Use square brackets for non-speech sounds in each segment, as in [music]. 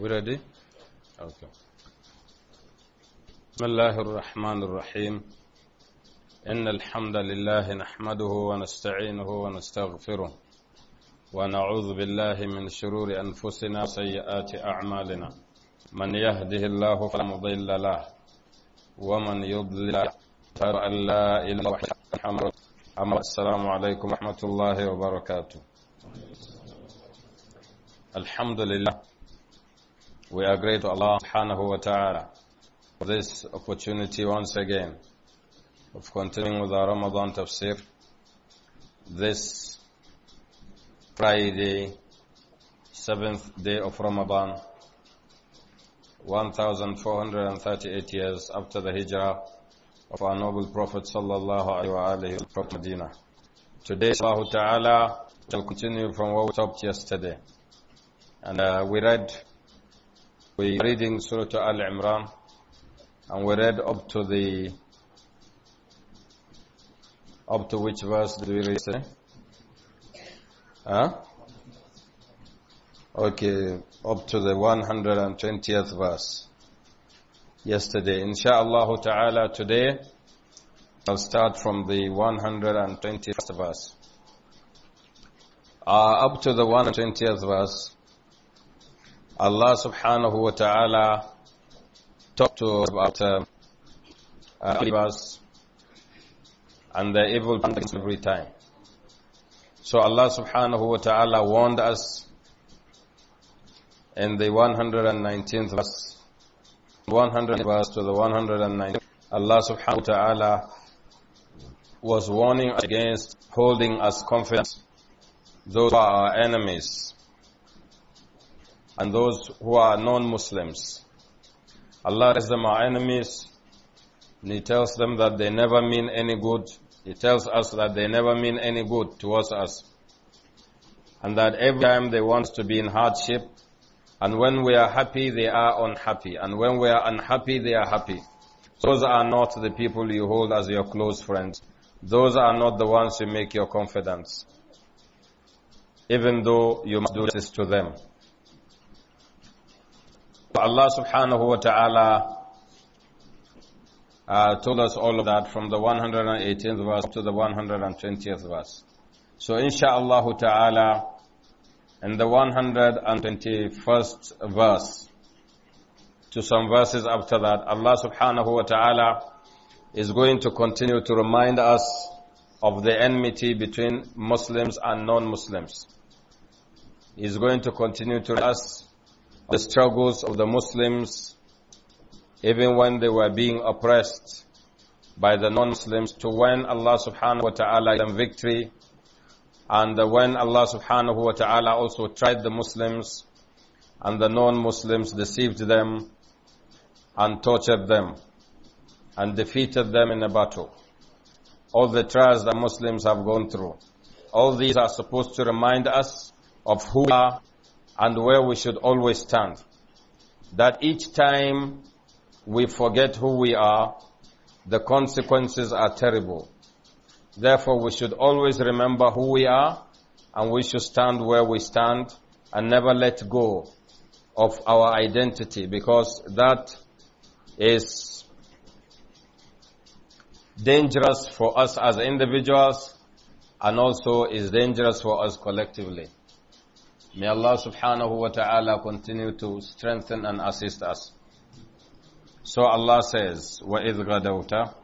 وردي ready? Okay. بسم الله الرحمن الرحيم إن الحمد لله نحمده ونستعينه ونستغفره ونعوذ بالله من شرور أنفسنا وسيئات أعمالنا من يهده الله فلا مضل له ومن يضلل فلا لا إله إلا الله محمد أما السلام عليكم ورحمة الله وبركاته الحمد لله We are grateful to Allah subhanahu wa ta'ala for this opportunity once again of continuing with our Ramadan tafsir this Friday, seventh day of Ramadan, 1438 years after the hijrah of our noble Prophet sallallahu alaihi wasallam from Medina. Today, ta'ala, shall continue from what we stopped yesterday. And uh, we read we are reading Surah Al-Imran and we read up to the up to which verse do we read today? Huh? Okay, up to the 120th verse. Yesterday, inshallah ta'ala today, I'll start from the 121st verse. Uh, up to the 120th verse, Allah subhanahu wa ta'ala talked to us about um, uh, uh, and the evil plans every time. So Allah subhanahu wa ta'ala warned us in the 119th verse, 100th verse to the 119th, Allah subhanahu wa ta'ala was warning us against holding us confident those who are our enemies and those who are non-Muslims. Allah is them our enemies. And he tells them that they never mean any good. He tells us that they never mean any good towards us. And that every time they want to be in hardship, and when we are happy, they are unhappy. And when we are unhappy, they are happy. Those are not the people you hold as your close friends. Those are not the ones you make your confidants. Even though you must do this to them. Allah subhanahu wa ta'ala uh, told us all of that from the 118th verse to the 120th verse. So insha'Allah ta'ala, in the 121st verse, to some verses after that, Allah subhanahu wa ta'ala is going to continue to remind us of the enmity between Muslims and non-Muslims. He's going to continue to us the struggles of the Muslims, even when they were being oppressed by the non-Muslims, to when Allah subhanahu wa ta'ala gave them victory, and when Allah subhanahu wa ta'ala also tried the Muslims, and the non-Muslims deceived them, and tortured them, and defeated them in a battle. All the trials that Muslims have gone through. All these are supposed to remind us of who we are and where we should always stand. That each time we forget who we are, the consequences are terrible. Therefore, we should always remember who we are and we should stand where we stand and never let go of our identity because that is dangerous for us as individuals and also is dangerous for us collectively. May Allah subhanahu wa ta'ala continue to strengthen and assist us. So Allah says, وَإِذْ غَدَوْتَ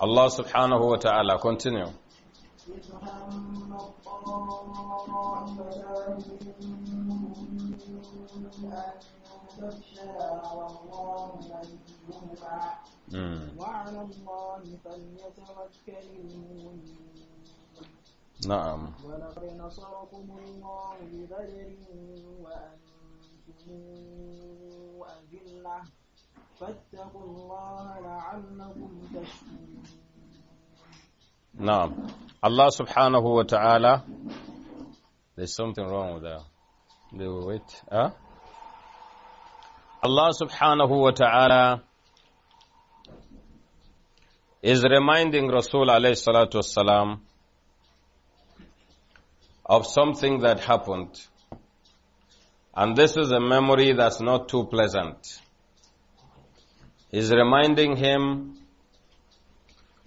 Allah subhanahu wa ta'ala continue أن والله وعلى الله نعم ولقد نصركم الله ببدر وأنتم أذلة فاتقوا الله لعلكم تشكرون Now, Allah subhanahu wa ta'ala, there's something wrong with that. They will wait. Huh? Allah subhanahu wa ta'ala is reminding Rasul alayhi salatu wasalam of something that happened. And this is a memory that's not too pleasant. He's reminding him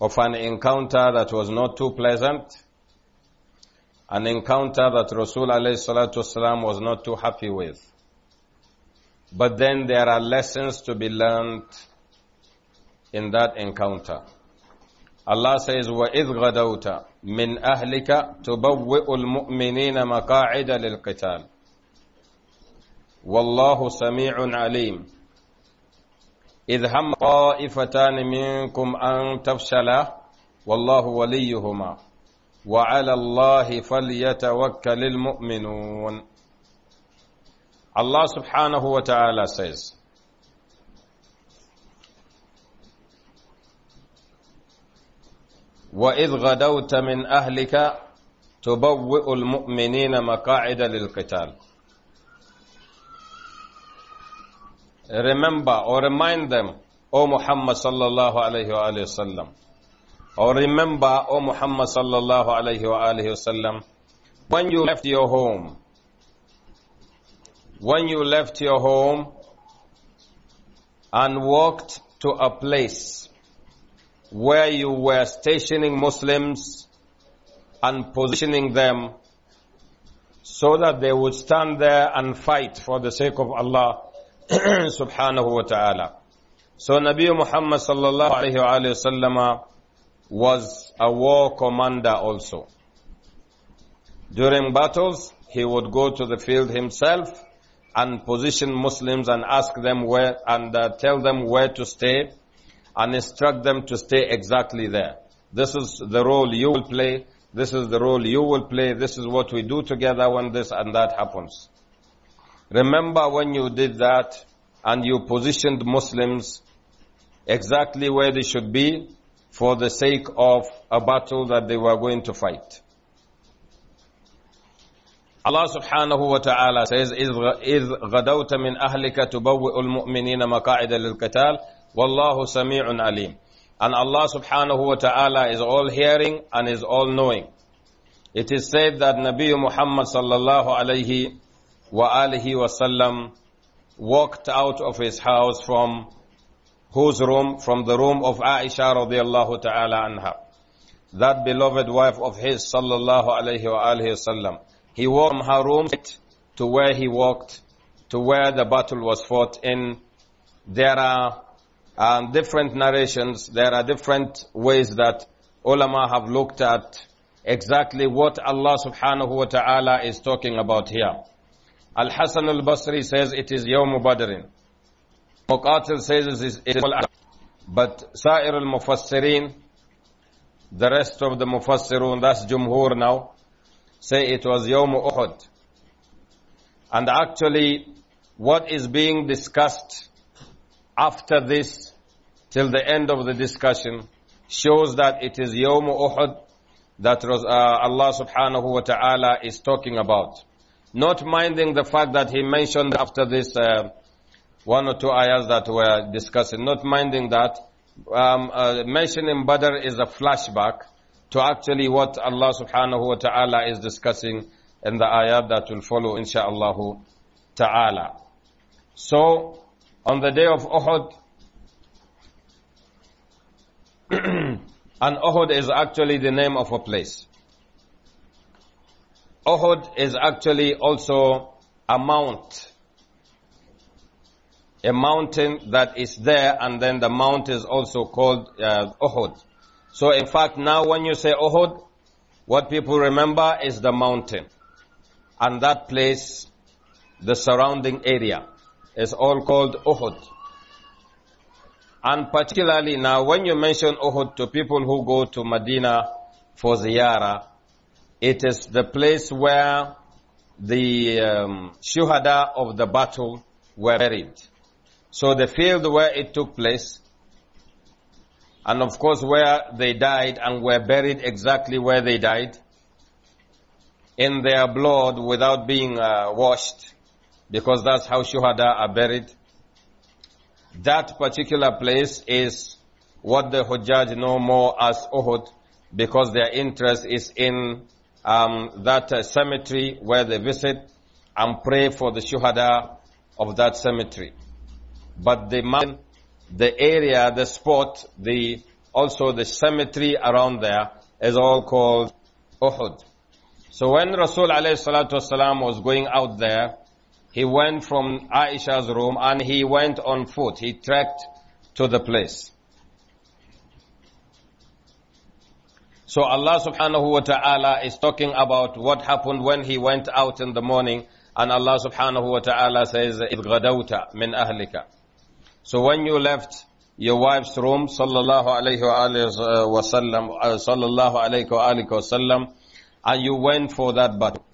of an encounter that was not too pleasant, an encounter that Rasul والسلام, was not too happy with. But then there are lessons to be learned in that encounter. Allah says, وَإِذْ غَدَوْتَ مِنْ أَهْلِكَ تُبَوِّئُ الْمُؤْمِنِينَ مَقَاعِدَ لِلْقِتَالِ وَاللَّهُ سَمِيعٌ عَلِيمٌ إذ هم طائفتان منكم أن تفشلا والله وليهما وعلى الله فليتوكل المؤمنون الله سبحانه وتعالى says, وَإِذْ غَدَوْتَ مِنْ أَهْلِكَ تُبَوِّئُ الْمُؤْمِنِينَ مَقَاعِدَ لِلْقِتَالِ remember or remind them, O Muhammad sallallahu alayhi wa sallam. Or remember, O Muhammad sallallahu alayhi wa sallam, when you left your home, when you left your home and walked to a place where you were stationing Muslims and positioning them so that they would stand there and fight for the sake of Allah [clears throat] subhanahu wa ta'ala. So Nabi Muhammad sallallahu alayhi wa sallam was a war commander also. During battles, he would go to the field himself and position Muslims and ask them where, and uh, tell them where to stay and instruct them to stay exactly there. This is the role you will play. This is the role you will play. This is what we do together when this and that happens. Remember when you did that and you positioned Muslims exactly where they should be for the sake of a battle that they were going to fight. Allah subhanahu wa ta'ala says, إِذْ غَدَوْتَ مِنْ أَهْلِكَ تُبَوِّئُ الْمُؤْمِنِينَ مَقَاعِدَ لِلْقِتَالِ وَاللَّهُ سَمِيعٌ عَلِيمٌ And Allah subhanahu wa ta'ala is all hearing and is all knowing. It is said that Nabi Muhammad sallallahu alayhi wa alihi wasallam walked out of his house from whose room? From the room of Aisha radiallahu ta'ala anha. That beloved wife of his sallallahu alayhi wa alihi wasallam. He walked from her room to where he walked, to where the battle was fought in. There are um, different narrations, there are different ways that ulama have looked at exactly what Allah subhanahu wa ta'ala is talking about here. Al-Hasan al-Basri says it is Yawm Badrin. Muqatil says it is, Al. But Sa'ir al-Mufassirin, the rest of the Mufassirun, that's Jumhur now, say it was Yawm Uhud. And actually, what is being discussed after this, till the end of the discussion, shows that it is Yawm Uhud that uh, Allah subhanahu wa ta'ala is talking about. Not minding the fact that he mentioned after this uh, one or two ayahs that we're discussing, not minding that, um, uh, mentioning Badr is a flashback to actually what Allah subhanahu wa ta'ala is discussing in the ayah that will follow insha'Allah ta'ala. So, on the day of Uhud, [clears throat] and Uhud is actually the name of a place. Uhud is actually also a mount. A mountain that is there and then the mount is also called uh, Uhud. So in fact now when you say Uhud, what people remember is the mountain. And that place, the surrounding area, is all called Uhud. And particularly now when you mention Uhud to people who go to Medina for ziyarah, it is the place where the um, shuhada of the battle were buried. So the field where it took place, and of course where they died and were buried exactly where they died, in their blood without being uh, washed, because that's how shuhada are buried. That particular place is what the Hujjaj know more as Uhud, because their interest is in um, that uh, cemetery where they visit and pray for the shuhada of that cemetery. But the mountain, the area, the spot, the also the cemetery around there is all called Uhud. So when Rasul alayhi was going out there, he went from Aisha's room and he went on foot. He trekked to the place. So Allah subhanahu wa ta'ala is talking about what happened when he went out in the morning and Allah subhanahu wa ta'ala says, إِذْ min ahlika." So when you left your wife's room, sallallahu alayhi wa sallam, uh, sallallahu alayhi wa sallam, and you went for that battle.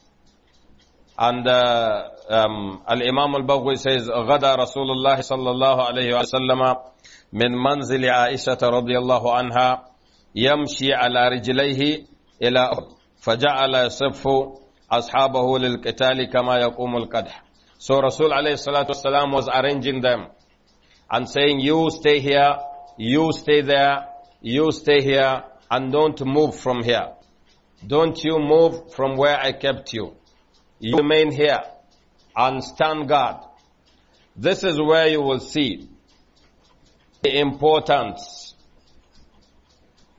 And uh, um, Al-Imam al baqi says, غَدَى رَسُولُ اللَّهِ صَلَّى اللَّهُ عَلَيْهِ وَسَلَّمَ مِنْ مَنْزِلِ عَائِشَةَ رَضِيَ اللَّهُ عَنْهَا يمشي على رجليه إلى أرض فجعل يصف أصحابه للقتال كما يقوم القدح So Rasul alayhi salatu wasalam was arranging them and saying, you stay here, you stay there, you stay here and don't move from here. Don't you move from where I kept you. You remain here and stand guard. This is where you will see the importance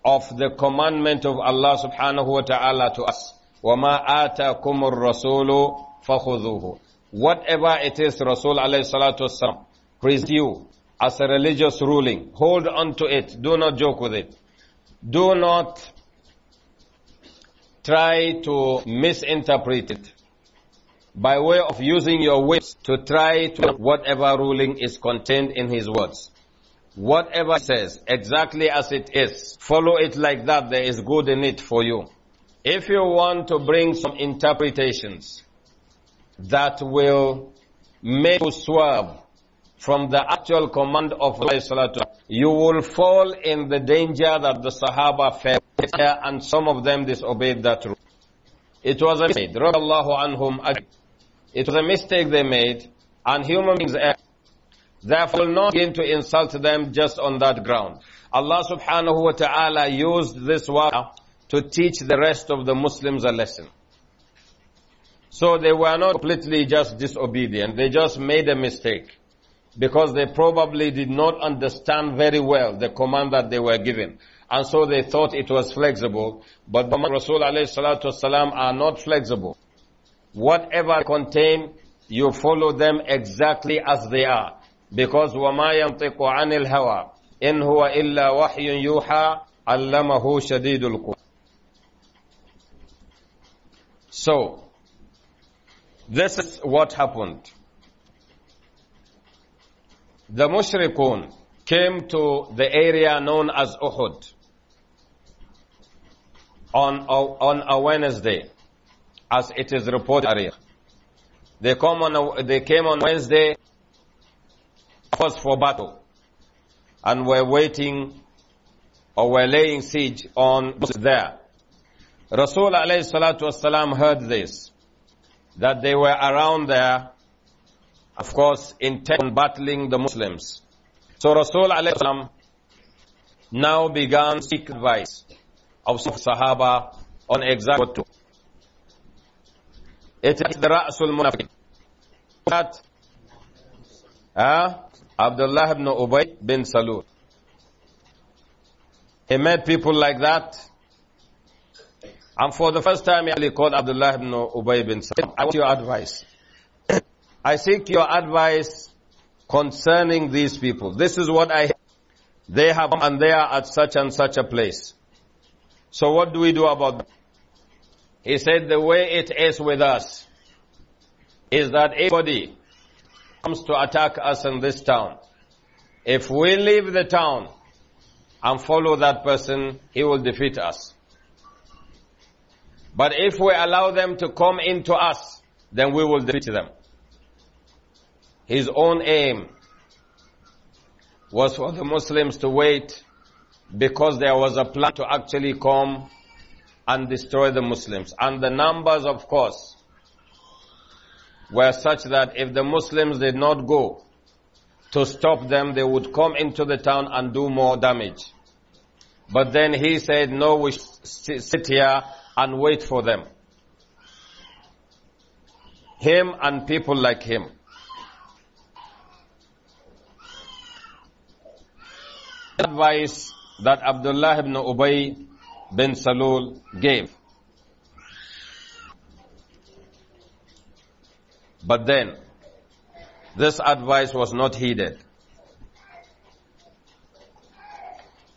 of the commandment of Allah subhanahu wa ta'ala to us. وَمَا آتَاكُمُ الرَّسُولُ فَخُذُوهُ Whatever it is Rasul alayhi salatu wasalam presents you as a religious ruling, hold on to it. Do not joke with it. Do not try to misinterpret it by way of using your wits to try to whatever ruling is contained in his words. Whatever says, exactly as it is, follow it like that, there is good in it for you. If you want to bring some interpretations that will make you swerve from the actual command of Allah, you will fall in the danger that the Sahaba fell and some of them disobeyed that rule. It was a mistake. It was a mistake they made, and human beings erred. Therefore, not begin to insult them just on that ground. Allah subhanahu wa ta'ala used this word to teach the rest of the Muslims a lesson. So they were not completely just disobedient. They just made a mistake because they probably did not understand very well the command that they were given. And so they thought it was flexible, but the Rasul alayhi salatu wasalam are not flexible. Whatever contain, you follow them exactly as they are. Because وَمَا يَنطِقُ عَنِ الْهَوَىٰ إِنْ هُوَ إِلَّا وَحْيٌ يُوحَىٰ عَلَّمَهُ شَدِيدُ الْقُوَىٰ So, this is what happened. The mushrikun came to the area known as Uhud on a, on a Wednesday, as it is reported. They come on a, they came on Wednesday for battle and were waiting or were laying siege on there. Rasul alayhi salatu wasalam heard this, that they were around there, of course, intent on battling the Muslims. So Rasul alayhi salam now began to seek advice of Sahaba on exactly what to. It is the Ra'sul Munafiq. That Ah, Abdullah ibn Ubay bin Salul. He met people like that. And for the first time, he called Abdullah ibn Ubay bin Salul. I want your advice. I seek your advice concerning these people. This is what I They have come and they are at such and such a place. So what do we do about them? He said the way it is with us is that everybody comes to attack us in this town, if we leave the town and follow that person, he will defeat us. But if we allow them to come into us, then we will defeat them. His own aim was for the Muslims to wait because there was a plan to actually come and destroy the Muslims. And the numbers, of course, were such that if the Muslims did not go to stop them, they would come into the town and do more damage. But then he said, no, we sit here and wait for them. Him and people like him. Advice that Abdullah ibn Ubay bin Salul gave. But then, this advice was not heeded.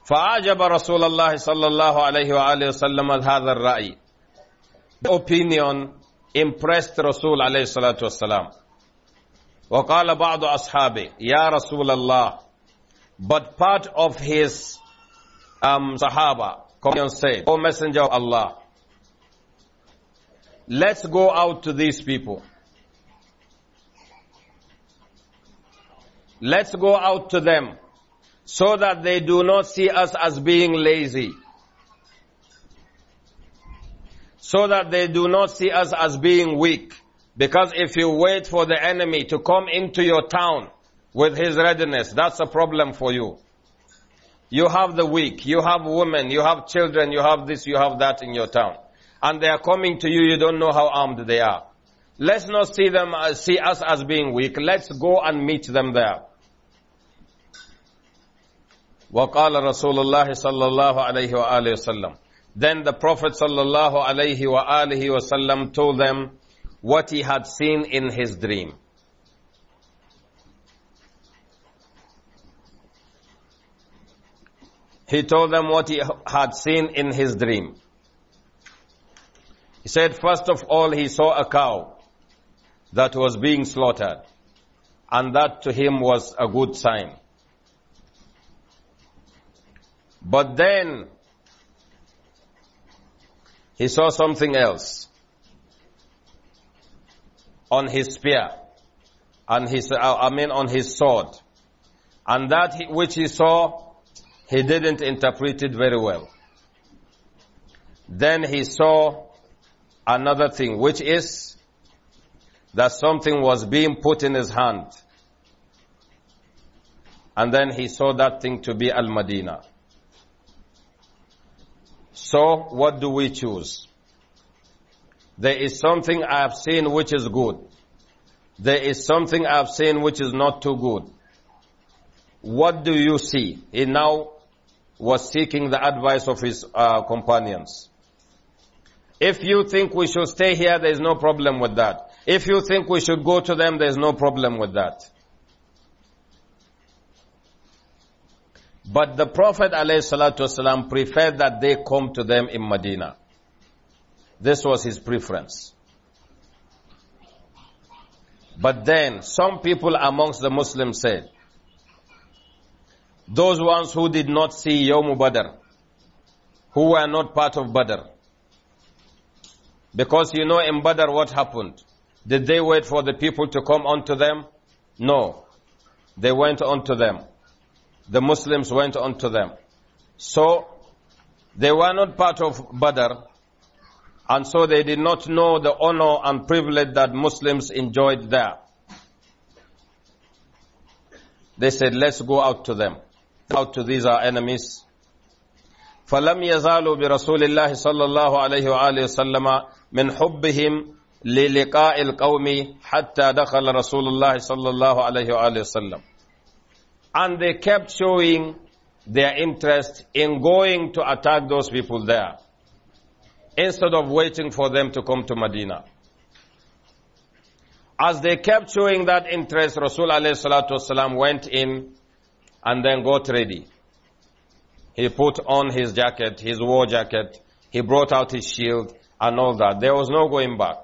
فعجب رسول الله صلى الله عليه وآله وسلم هذا الرأي. The opinion impressed رسول عليه الصلاة والسلام. وقال بعض أصحابه يا رسول الله but part of his um, Sahaba companions said, O Messenger of Allah, let's go out to these people Let's go out to them so that they do not see us as being lazy. So that they do not see us as being weak. Because if you wait for the enemy to come into your town with his readiness, that's a problem for you. You have the weak, you have women, you have children, you have this, you have that in your town. And they are coming to you, you don't know how armed they are. Let's not see them, uh, see us as being weak. Let's go and meet them there. وقال رسول الله صلى الله عليه وآله وسلم Then the Prophet صلى الله عليه وآله وسلم told them what he had seen in his dream. He told them what he had seen in his dream. He said, first of all, he saw a cow that was being slaughtered. And that to him was a good sign. But then, he saw something else on his spear and his, uh, I mean on his sword. And that which he saw, he didn't interpret it very well. Then he saw another thing, which is that something was being put in his hand. And then he saw that thing to be Al-Madinah. So what do we choose? There is something I have seen which is good. There is something I have seen which is not too good. What do you see? He now was seeking the advice of his uh, companions. If you think we should stay here, there is no problem with that. If you think we should go to them, there is no problem with that. But the Prophet ﷺ preferred that they come to them in Medina. This was his preference. But then some people amongst the Muslims said, those ones who did not see Yawm Badr, who were not part of Badr, because you know in Badr what happened. Did they wait for the people to come onto them? No. They went onto them the Muslims went on to them. So, they were not part of Badr, and so they did not know the honor and privilege that Muslims enjoyed there. They said, let's go out to them, out to these are enemies. فلم يزالوا برسول الله صلى الله عليه وآله وسلم من حبهم للقاء القوم حتى دخل رسول الله صلى الله عليه وآله وسلم and they kept showing their interest in going to attack those people there instead of waiting for them to come to Medina. As they kept showing that interest, Rasul والسلام, went in and then got ready. He put on his jacket, his war jacket, he brought out his shield and all that. There was no going back.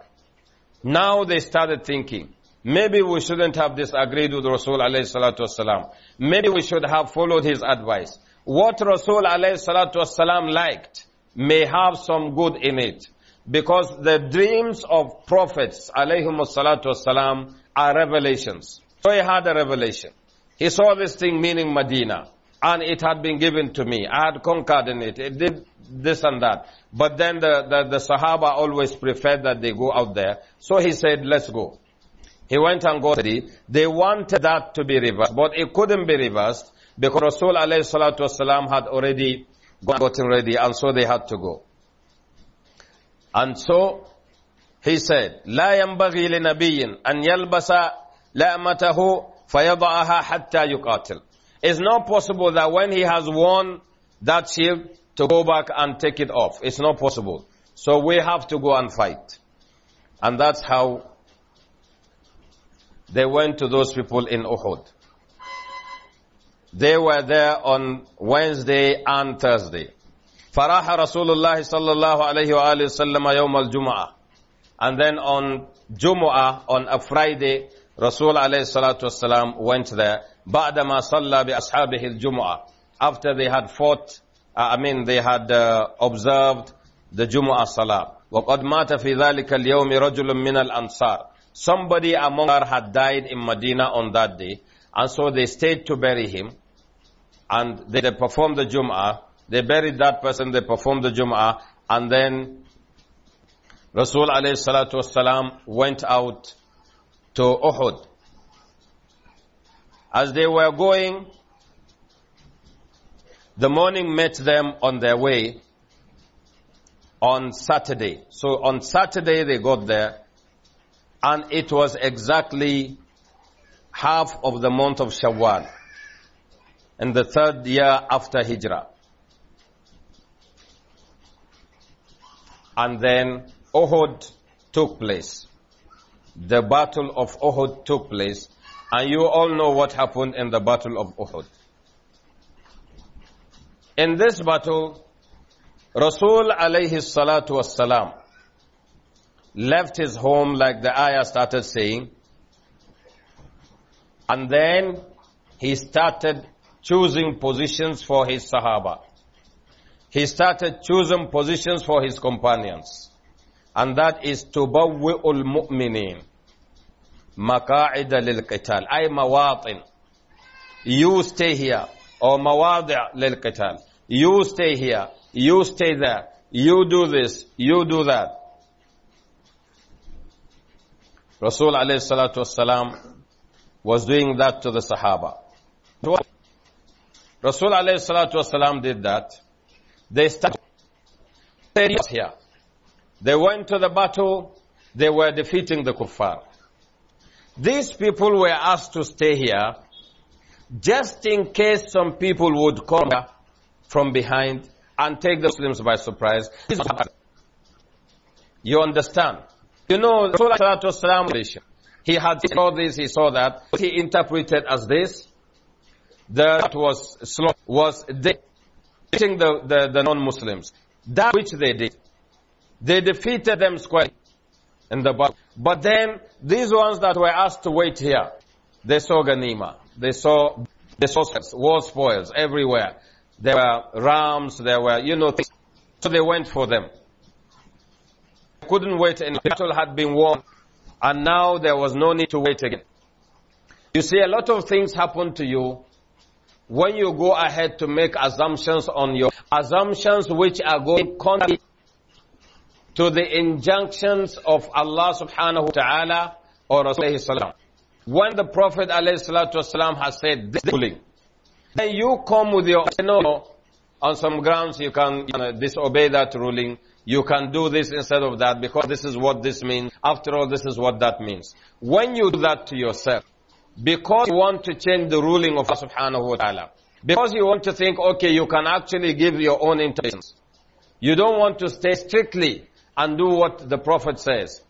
Now they started thinking, Maybe we shouldn't have disagreed with Rasul alayhi salatu wasalam. Maybe we should have followed his advice. What Rasul alayhi salatu wasalam liked may have some good in it. Because the dreams of prophets alayhi salatu wasalam are revelations. So he had a revelation. He saw this thing meaning Medina. And it had been given to me. I had conquered in it. It did this and that. But then the, the, the Sahaba always preferred that they go out there. So he said, let's go. He went and got ready. They wanted that to be reversed, but it couldn't be reversed because Rasul alayhi salatu wasalam had already gotten ready and so they had to go. And so he said, لا ينبغي لنبي أن يلبس لأمته فيضعها حتى يقاتل. It's not possible that when he has worn that shield to go back and take it off. It's not possible. So we have to go and fight. And that's how they went to those people in Uhud. They were there on Wednesday and Thursday. فراح رسول الله صلى الله عليه وآله وسلم يوم الجمعة and then on Jumu'ah on a Friday Rasul عليه الصلاة والسلام went there بعدما صلى بأصحابه الجمعة after they had fought uh, I mean they had uh, observed the Jumu'ah Salah وقد مات في ذلك اليوم رجل من الأنصار Somebody among her had died in Medina on that day, and so they stayed to bury him, and they, they performed the Jum'ah, they buried that person, they performed the Jum'ah, and then Rasul alayhi salatu wasalam went out to Uhud. As they were going, the morning met them on their way on Saturday. So on Saturday they got there and it was exactly half of the month of Shawwal in the third year after Hijrah. And then Uhud took place. The battle of Uhud took place and you all know what happened in the battle of Uhud. In this battle, Rasul alayhi salatu wassalam left his home like the ayah started saying. And then he started choosing positions for his sahaba. He started choosing positions for his companions. And that is tubawwi'ul mu'minin. Maka'ida lil qital. Ay mawatin. You stay here. Or mawadi' lil qital. You stay here. You stay there. You do this. You do that. Rasul alayhi salatu wasalam was doing that to the Sahaba. Rasul alayhi salatu wasalam did that. They started here. They went to the battle. They were defeating the kuffar. These people were asked to stay here just in case some people would come from behind and take the Muslims by surprise. You understand? You know, Rasulullah he had saw this, he saw that. He interpreted as this. That was slow, was defeating the, the, the non-Muslims. That which they did. They defeated them squarely in the battle. But then, these ones that were asked to wait here, they saw Ganima. They saw, the saw war spoils everywhere. There were rams, there were, you know, things. So they went for them couldn't wait and the battle had been won and now there was no need to wait again. You see, a lot of things happen to you when you go ahead to make assumptions on your assumptions which are going contrary to the injunctions of Allah subhanahu wa ta'ala or Rasulullah When the Prophet alayhi has said this ruling, then you come with your, you know, on some grounds you can you know, disobey that ruling you can do this instead of that because this is what this means. After all, this is what that means. When you do that to yourself, because you want to change the ruling of Allah subhanahu wa ta'ala, because you want to think, okay, you can actually give your own intentions. You don't want to stay strictly and do what the Prophet says.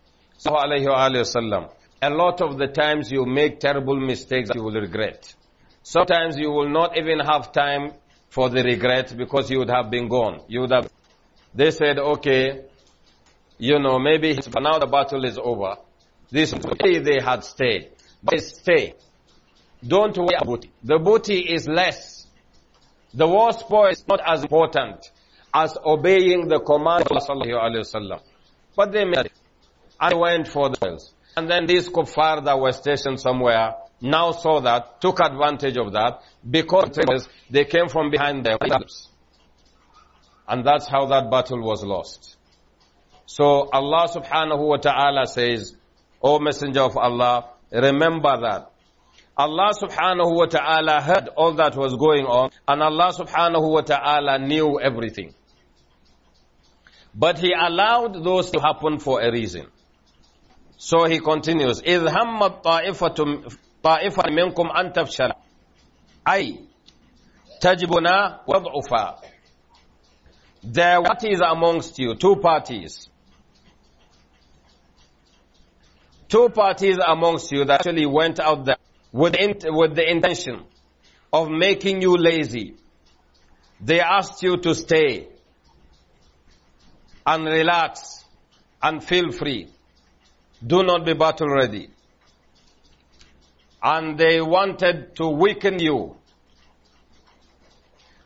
A lot of the times you make terrible mistakes that you will regret. Sometimes you will not even have time for the regret because you would have been gone. You would have they said, okay, you know, maybe, but now the battle is over. This, if they had stayed, they stay. Don't worry about booty. The booty is less. The war spoil is not as important as obeying the command of Allah But they made it. I went for the spoils. And then these kuffar that were stationed somewhere now saw that, took advantage of that, because they came from behind their lips. And that's how that battle was lost. So Allah subhanahu wa ta'ala says, O Messenger of Allah, remember that. Allah subhanahu wa ta'ala heard all that was going on and Allah subhanahu wa ta'ala knew everything. But He allowed those to happen for a reason. So He continues, إِذْ هَمَّتْ طَائِفَةٌ مِنْكُمْ أَن تَفْشَلَ أي تَجْبُنَا وَضْعُفَا there were parties amongst you, two parties. Two parties amongst you that actually went out there with, with the intention of making you lazy. They asked you to stay and relax and feel free. Do not be battle ready. And they wanted to weaken you.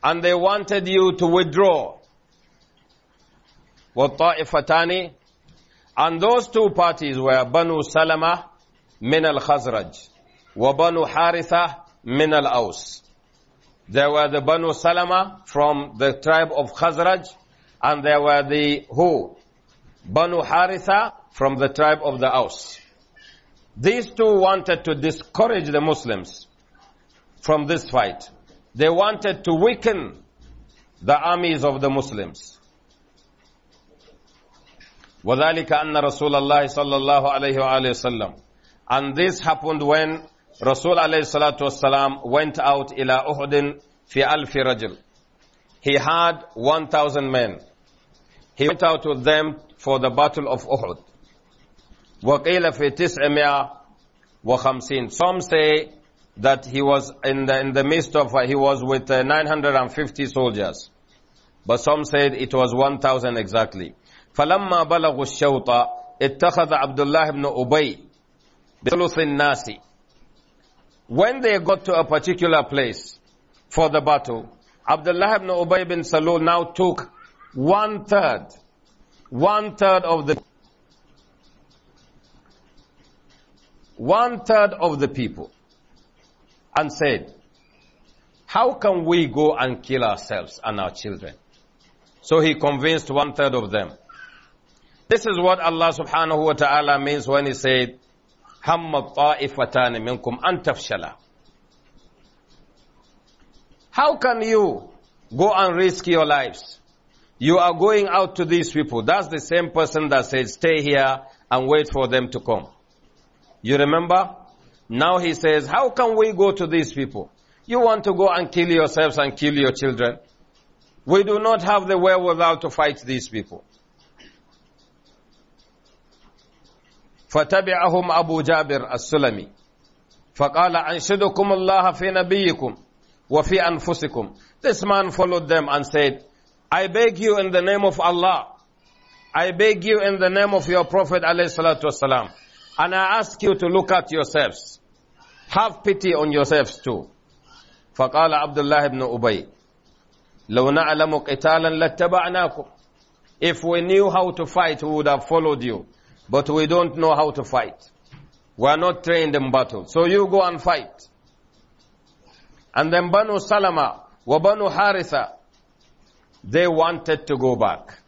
And they wanted you to withdraw. وَالطَّائِفَتَانِ And those two parties were Banu Salama min al-Khazraj wa Banu Haritha min al-Aus. There were the Banu Salama from the tribe of Khazraj and there were the who? Banu Haritha from the tribe of the Aus. These two wanted to discourage the Muslims from this fight. They wanted to weaken the armies of the Muslims. وَذَلِكَ أَنَّ رَسُولَ اللَّهِ صَلَّى اللَّهُ عَلَيْهِ وَآلِهِ وَسَلَّمَ And this happened when Rasul went out ila Uhudin fi ألف رجل. He had 1,000 men. He went out with them for the battle of Uhud. وَقِيلَ فِي وَخَمْسِينَ Some say that he was in the, in the midst of, he was with uh, 950 soldiers. But some said it was 1,000 exactly. فلما الشوط اتخذ عبد الله بثلث الناس when they got to a particular place for the battle Abdullah ibn Ubay bin Salul now took one third one third of the one third of the people and said how can we go and kill ourselves and our children so he convinced one third of them this is what Allah subhanahu wa ta'ala means when he said, Hamma ta'ifatani minkum antafshala. How can you go and risk your lives? You are going out to these people. That's the same person that said, stay here and wait for them to come. You remember? Now he says, how can we go to these people? You want to go and kill yourselves and kill your children? We do not have the wherewithal to fight these people. فتبعهم أبو جابر السلمي فقال أنشدكم الله في نبيكم وفي أنفسكم This man followed them and said, I beg you in the name of Allah, I beg you in the name of your Prophet عليه والسلام, and I ask you to look at yourselves. Have pity on yourselves too. فقال عبد الله بن أبي لو نعلم قتالا لاتبعناكم If we knew how to fight, we would have followed you. but we don't know how to fight. We are not trained in battle. So you go and fight. And then Banu Salama Wabanu Haritha, they wanted to go back.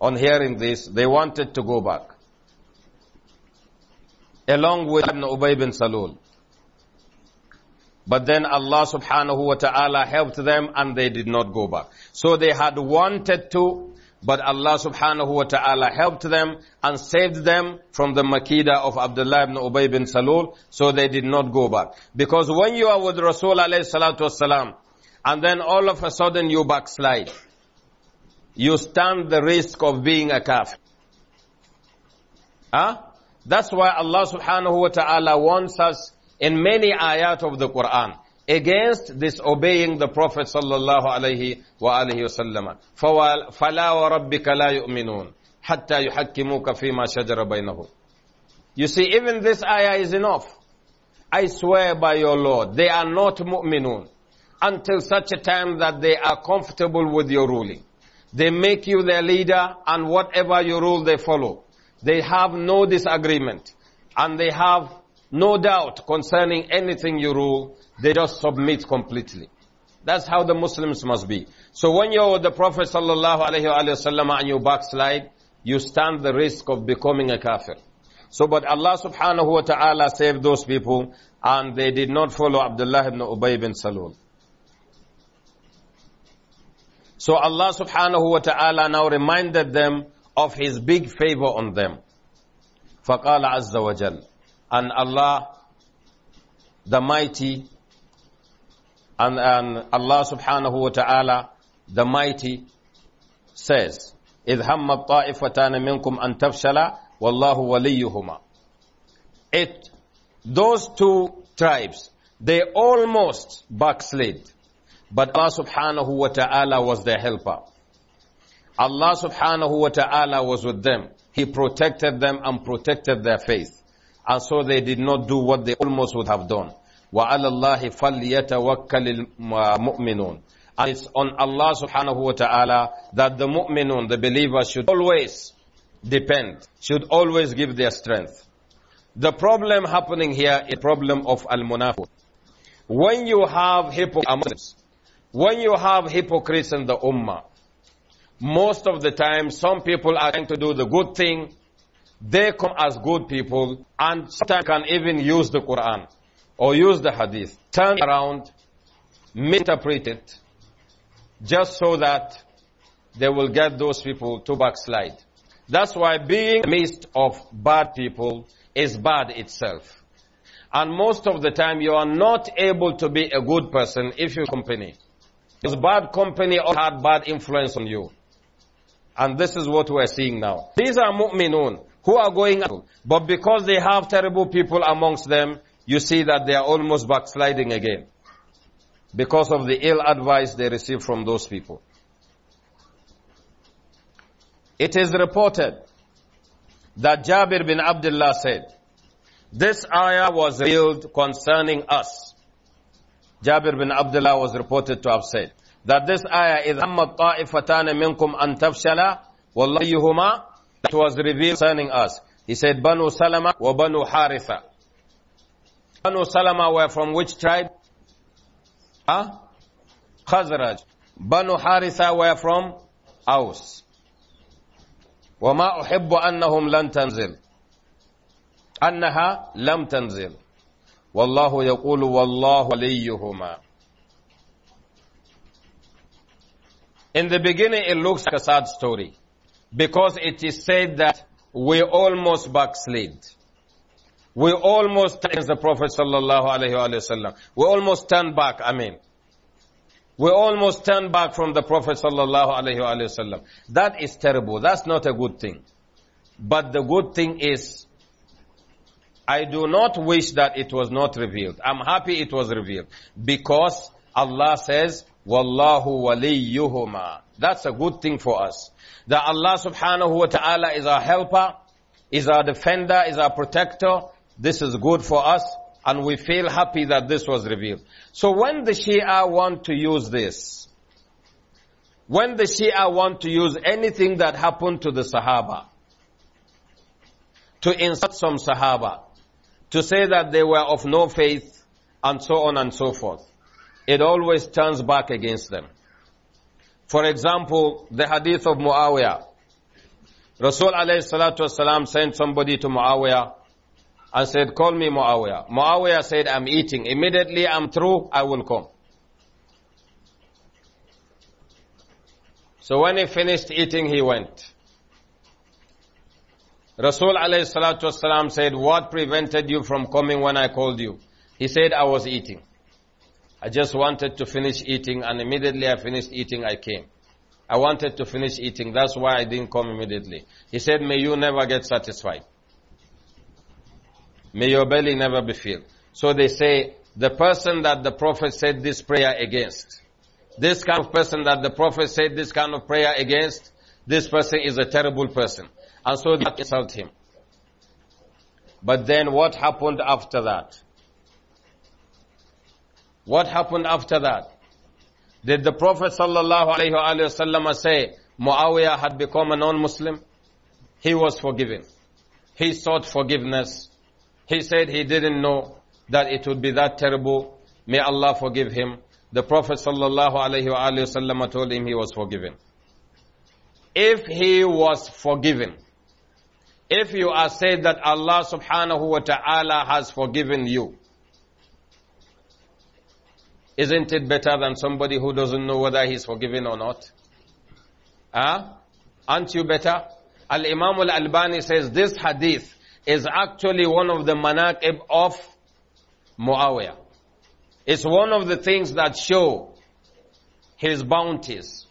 On hearing this, they wanted to go back. Along with Ibn Ubay bin Salul. But then Allah subhanahu wa ta'ala helped them and they did not go back. So they had wanted to, but Allah subhanahu wa ta'ala helped them and saved them from the Makeda of Abdullah ibn Ubay bin Salul, so they did not go back. Because when you are with Rasul alayhi salatu wasalam, and then all of a sudden you backslide, you stand the risk of being a kafir. Huh? That's why Allah subhanahu wa ta'ala warns us in many ayat of the Quran against disobeying the Prophet sallallahu alayhi wa wasallam. فَلَا وَرَبِّكَ لَا يُؤْمِنُونَ حَتَّى يُحَكِّمُوكَ فِي مَا شَجَرَ بَيْنَهُمْ You see, even this ayah is enough. I swear by your Lord, they are not mu'minun until such a time that they are comfortable with your ruling. They make you their leader and whatever you rule they follow. They have no disagreement and they have no doubt concerning anything you rule they just submit completely. That's how the Muslims must be. So when you're with the Prophet sallallahu alaihi wasallam and you backslide, you stand the risk of becoming a kafir. So, but Allah subhanahu wa ta'ala saved those people and they did not follow Abdullah ibn Ubay bin Salul. So Allah subhanahu wa ta'ala now reminded them of His big favor on them. فَقَالَ عَزَّ وَجَلَّ And Allah, the mighty, and, and Allah subhanahu wa ta'ala, the mighty, says, إِذْ هَمَّ الطَّائِفَتَانَ مِنْكُمْ أَن تَفْشَلَ وَاللَّهُ وَلِيُّهُمَا It, those two tribes, they almost backslid. But Allah subhanahu wa ta'ala was their helper. Allah subhanahu wa ta'ala was with them. He protected them and protected their faith. And so they did not do what they almost would have done. وَعَلَى اللَّهِ فَلْيَتَوَكَّلِ الْمُؤْمِنُونَ And it's on Allah subhanahu wa ta'ala that the mu'minun, the believers should always depend, should always give their strength. The problem happening here is the problem of al-munafiq. When you have hypocrites, when you have hypocrites in the ummah, most of the time some people are trying to do the good thing, they come as good people and sometimes can even use the Quran or use the hadith, turn around, misinterpret it, just so that they will get those people to backslide. That's why being a the of bad people is bad itself. And most of the time you are not able to be a good person if you company. Because bad company or had bad influence on you. And this is what we're seeing now. These are mu'minun who are going out, but because they have terrible people amongst them, you see that they are almost backsliding again because of the ill advice they receive from those people. It is reported that Jabir bin Abdullah said, this ayah was revealed concerning us. Jabir bin Abdullah was reported to have said that this ayah is أَمَّا الطَّائِفَتَانَ مِنْكُمْ أَن تَفْشَلَا وَاللَّيُّهُمَا It was revealed concerning us. He said, Banu Salama wa Banu Haritha. Banu Salama were from which tribe? Huh? Khazraj. Banu Haritha were from Aus. وما أحب أنهم لن تنزل أنها لم تنزل والله يقول والله وليهما In the beginning it looks like a sad story because it is said that we almost backslid. We almost the Prophet sallallahu alaihi wasallam. We almost turn back. I mean, we almost turn back from the Prophet sallallahu alaihi wasallam. That is terrible. That's not a good thing. But the good thing is, I do not wish that it was not revealed. I'm happy it was revealed because Allah says, "Wallahu waliyuhuma." That's a good thing for us. That Allah subhanahu wa taala is our helper, is our defender, is our protector this is good for us and we feel happy that this was revealed. So when the Shia want to use this, when the Shia want to use anything that happened to the Sahaba, to insult some Sahaba, to say that they were of no faith, and so on and so forth, it always turns back against them. For example, the hadith of Muawiyah. Rasul alayhi salatu sent somebody to Muawiyah and said, call me Muawiyah. Muawiyah said, I'm eating. Immediately I'm through, I will come. So when he finished eating, he went. Rasul alayhi said, what prevented you from coming when I called you? He said, I was eating. I just wanted to finish eating and immediately I finished eating, I came. I wanted to finish eating. That's why I didn't come immediately. He said, may you never get satisfied. May your belly never be filled. So they say, the person that the Prophet said this prayer against, this kind of person that the Prophet said this kind of prayer against, this person is a terrible person. And so they insult him. But then what happened after that? What happened after that? Did the Prophet sallallahu alaihi wasallam say Muawiyah had become a non-Muslim? He was forgiven. He sought forgiveness he said he didn't know that it would be that terrible. May Allah forgive him. The Prophet sallallahu alaihi wasallam told him he was forgiven. If he was forgiven, if you are said that Allah subhanahu wa ta'ala has forgiven you, isn't it better than somebody who doesn't know whether he's forgiven or not? Huh? Aren't you better? Al-Imam al-Albani says this hadith is actually one of the manaqib of Muawiyah. It's one of the things that show his bounties.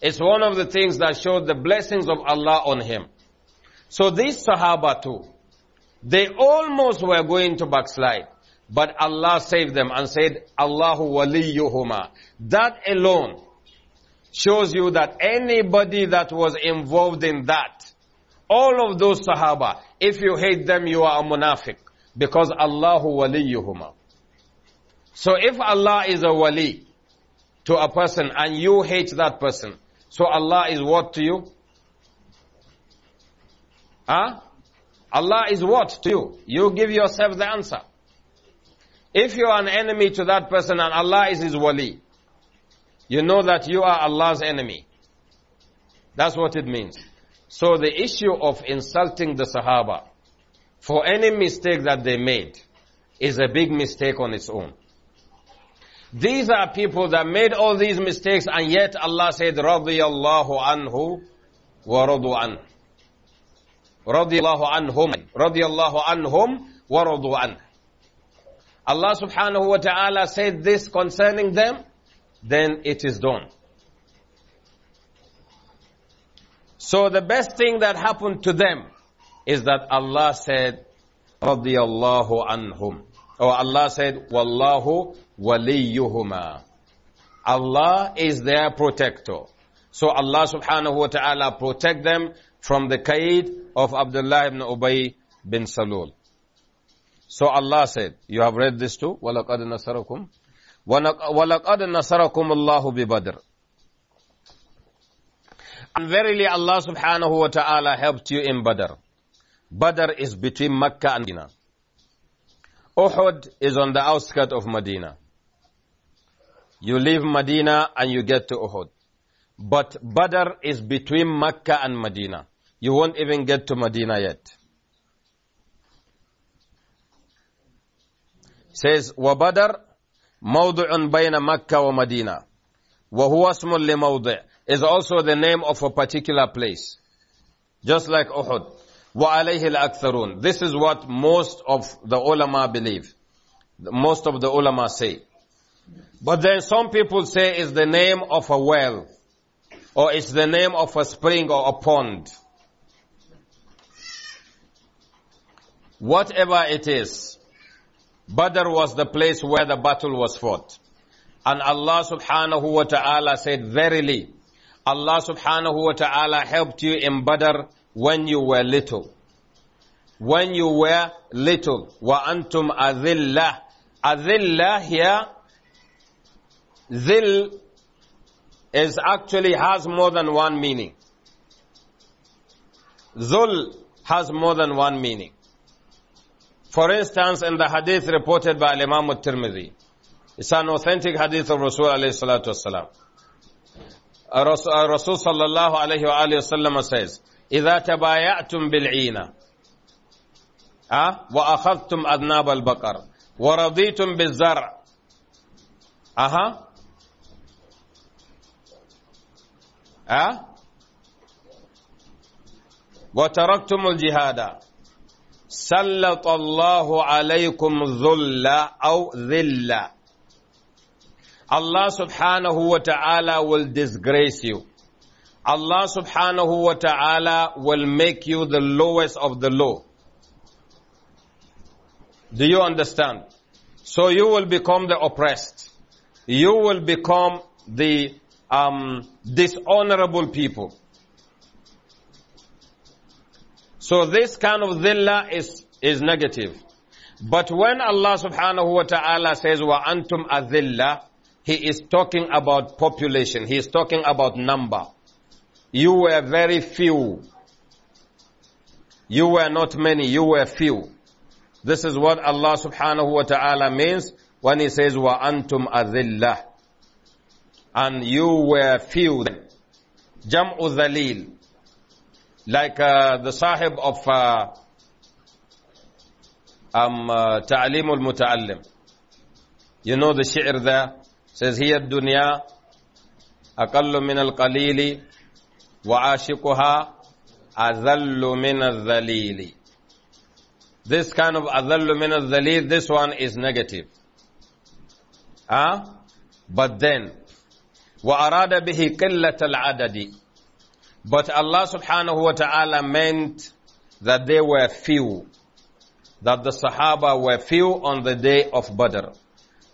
It's one of the things that show the blessings of Allah on him. So these Sahaba too, they almost were going to backslide. But Allah saved them and said, Allahu waliyuhuma. That alone shows you that anybody that was involved in that, all of those Sahaba, if you hate them, you are a munafiq. Because Allahu waliyuhuma. So if Allah is a wali to a person and you hate that person, so Allah is what to you? Huh? Allah is what to you? You give yourself the answer. If you are an enemy to that person and Allah is his wali, you know that you are Allah's enemy. That's what it means. So the issue of insulting the Sahaba for any mistake that they made is a big mistake on its own. These are people that made all these mistakes and yet Allah said, رَضِيَ اللَّهُ عَنْهُ وَرَضُوا عَنْهُ رضي الله عنهم رضي الله عنهم ورضوا Allah subhanahu wa ta'ala said this concerning them, then it is done. So the best thing that happened to them is that Allah said, رضي الله عنهم. Or Allah said, Wallahu waliyuhuma. Allah is their protector. So Allah subhanahu wa ta'ala protect them from the kaid of Abdullah ibn Ubay bin Salul. So Allah said, you have read this too? وَلَقَدْ نَصَرَكُمْ وَلَقَدْ نَصَرَكُمُ اللَّهُ بِبَدْرٍ and verily Allah subhanahu wa ta'ala helped you in Badr. Badr is between Mecca and Medina. Uhud is on the outskirts of Medina. You leave Medina and you get to Uhud. But Badr is between Mecca and Medina. You won't even get to Medina yet. says وبدر موضع بين مكة ومدينة وهو اسم لموضع is also the name of a particular place. Just like Uhud. وَعَلَيْهِ الْأَكْثَرُونَ This is what most of the ulama believe. Most of the ulama say. But then some people say it's the name of a well. Or it's the name of a spring or a pond. Whatever it is, Badr was the place where the battle was fought. And Allah subhanahu wa ta'ala said, Verily, Allah subhanahu wa ta'ala helped you in Badr when you were little. When you were little. Wa antum azillah. Azillah here, zil is actually has more than one meaning. Zul has more than one meaning. For instance, in the hadith reported by Imam al-Tirmidhi, it's an authentic hadith of Rasul alayhi salatu wasalam. الرسول صلى الله عليه وآله وسلم says, إذا تبايعتم بالعينة وأخذتم أذناب البقر ورضيتم بالزرع أها أه؟ وتركتم الجهاد سلط الله عليكم ذل أو ذلة Allah subhanahu wa ta'ala will disgrace you. Allah subhanahu wa ta'ala will make you the lowest of the low. Do you understand? So you will become the oppressed. You will become the um, dishonorable people. So this kind of dhillah is, is negative. But when Allah subhanahu wa ta'ala says, وَأَنْتُمْ أَذِلَّةً he is talking about population. He is talking about number. You were very few. You were not many. You were few. This is what Allah subhanahu wa ta'ala means when He says, "Wa antum azillah. and you were few. Jam'u dhalil, like uh, the sahib of uh, um, uh, Ta'alim al-Muta'allim. You know the shi'r there? says here dunya akallu min al-qalili wa ashikuha azallu min al zalili This kind of azallu min al zalili this one is negative. Huh? But then, wa arada bihi بِهِ al-adadi But Allah subhanahu wa ta'ala meant that they were few, that the Sahaba were few on the day of Badr.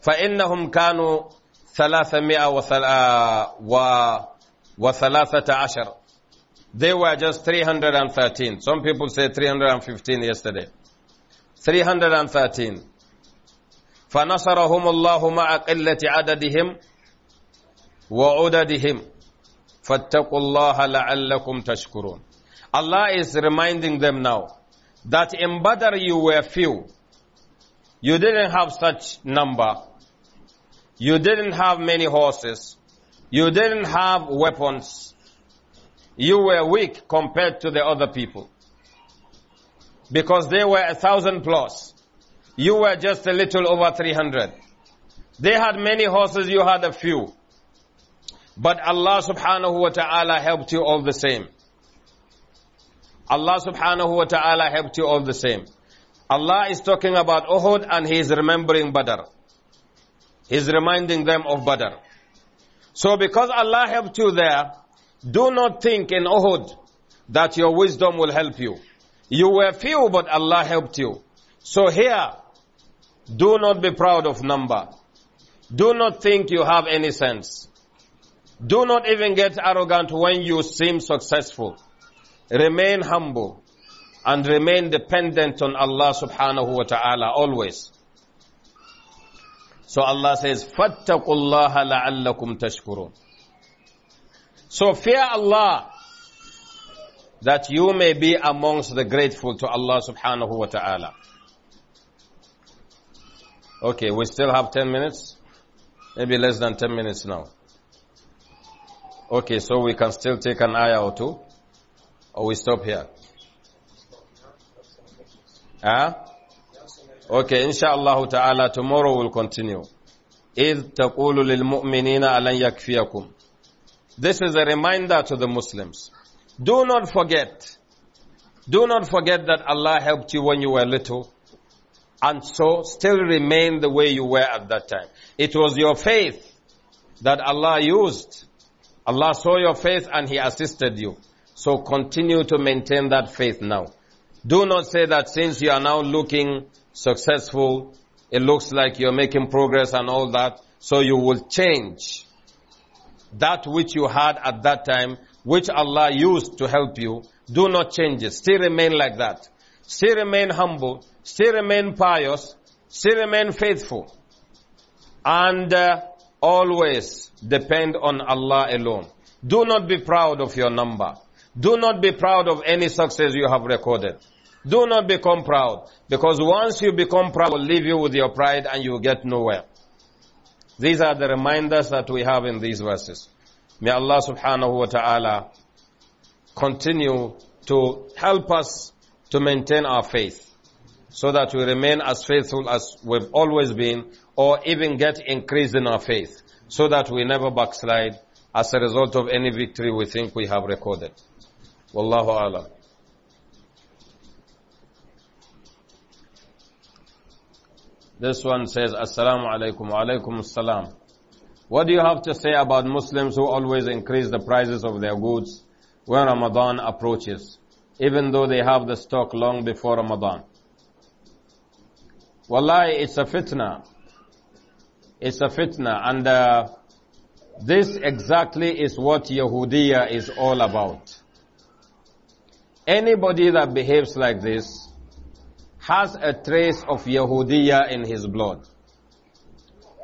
فَإِنَّهُمْ كَانُوا 300 wa They were just 313. Some people say 315 yesterday. 313. فنصرهم الله مع قلة عددهم وعددهم فاتقوا الله لعلكم تشكرون Allah is reminding them now that in Badr you were few. You didn't have such number. You didn't have many horses. You didn't have weapons. You were weak compared to the other people. Because they were a thousand plus. You were just a little over 300. They had many horses, you had a few. But Allah subhanahu wa ta'ala helped you all the same. Allah subhanahu wa ta'ala helped you all the same. Allah is talking about Uhud and He is remembering Badr. He's reminding them of Badr. So because Allah helped you there, do not think in Uhud that your wisdom will help you. You were few, but Allah helped you. So here, do not be proud of number. Do not think you have any sense. Do not even get arrogant when you seem successful. Remain humble and remain dependent on Allah subhanahu wa ta'ala always. So Allah says, فَاتَّقُوا اللَّهَ لَعَلَّكُمْ تَشْكُرُونَ So fear Allah that you may be amongst the grateful to Allah subhanahu wa ta'ala. Okay, we still have 10 minutes? Maybe less than 10 minutes now. Okay, so we can still take an ayah or two? Or we stop here? Huh? Okay, inshallah ta'ala, tomorrow we'll continue. إِذْ تَقُولُ لِلْمُؤْمِنِينَ أَلَنْ يَكْفِيَكُمْ This is a reminder to the Muslims. Do not forget. Do not forget that Allah helped you when you were little. And so still remain the way you were at that time. It was your faith that Allah used. Allah saw your faith and He assisted you. So continue to maintain that faith now. Do not say that since you are now looking successful, it looks like you're making progress and all that, so you will change that which you had at that time, which Allah used to help you, do not change it. Still remain like that. Still remain humble. Still remain pious. Still remain faithful. And uh, always depend on Allah alone. Do not be proud of your number. Do not be proud of any success you have recorded. Do not become proud. Because once you become proud, will leave you with your pride and you get nowhere. These are the reminders that we have in these verses. May Allah subhanahu wa ta'ala continue to help us to maintain our faith so that we remain as faithful as we've always been or even get increased in our faith so that we never backslide as a result of any victory we think we have recorded. Wallahu alam. This one says, Assalamu alaikum wa alaikum assalam. What do you have to say about Muslims who always increase the prices of their goods when Ramadan approaches, even though they have the stock long before Ramadan? Wallahi, it's a fitna. It's a fitna. And uh, this exactly is what Yahudiya is all about. Anybody that behaves like this, has a trace of Yehudia in his blood.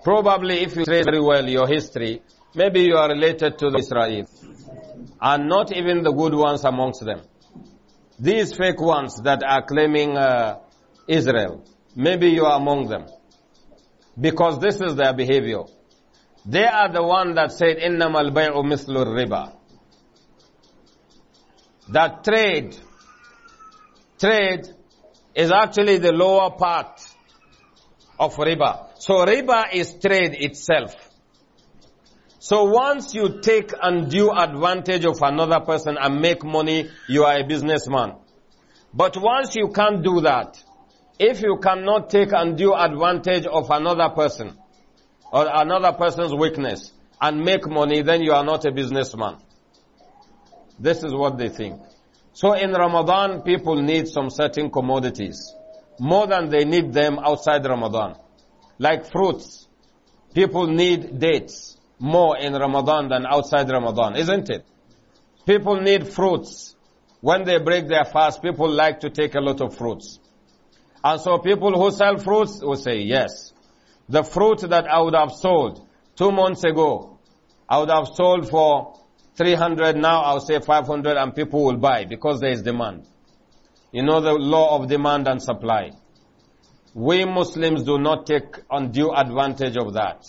Probably if you trace very well your history, maybe you are related to the Israel. And not even the good ones amongst them. These fake ones that are claiming uh, Israel, maybe you are among them. Because this is their behavior. They are the one that said, إِنَّمَا الْبَيْعُ مِثْلُ riba. That trade, trade is actually the lower part of riba. So riba is trade itself. So once you take undue advantage of another person and make money, you are a businessman. But once you can't do that, if you cannot take undue advantage of another person or another person's weakness and make money, then you are not a businessman. This is what they think. So in Ramadan, people need some certain commodities more than they need them outside Ramadan. Like fruits. People need dates more in Ramadan than outside Ramadan, isn't it? People need fruits. When they break their fast, people like to take a lot of fruits. And so people who sell fruits will say, yes, the fruit that I would have sold two months ago, I would have sold for 300, now I'll say 500 and people will buy because there is demand. You know the law of demand and supply. We Muslims do not take undue advantage of that.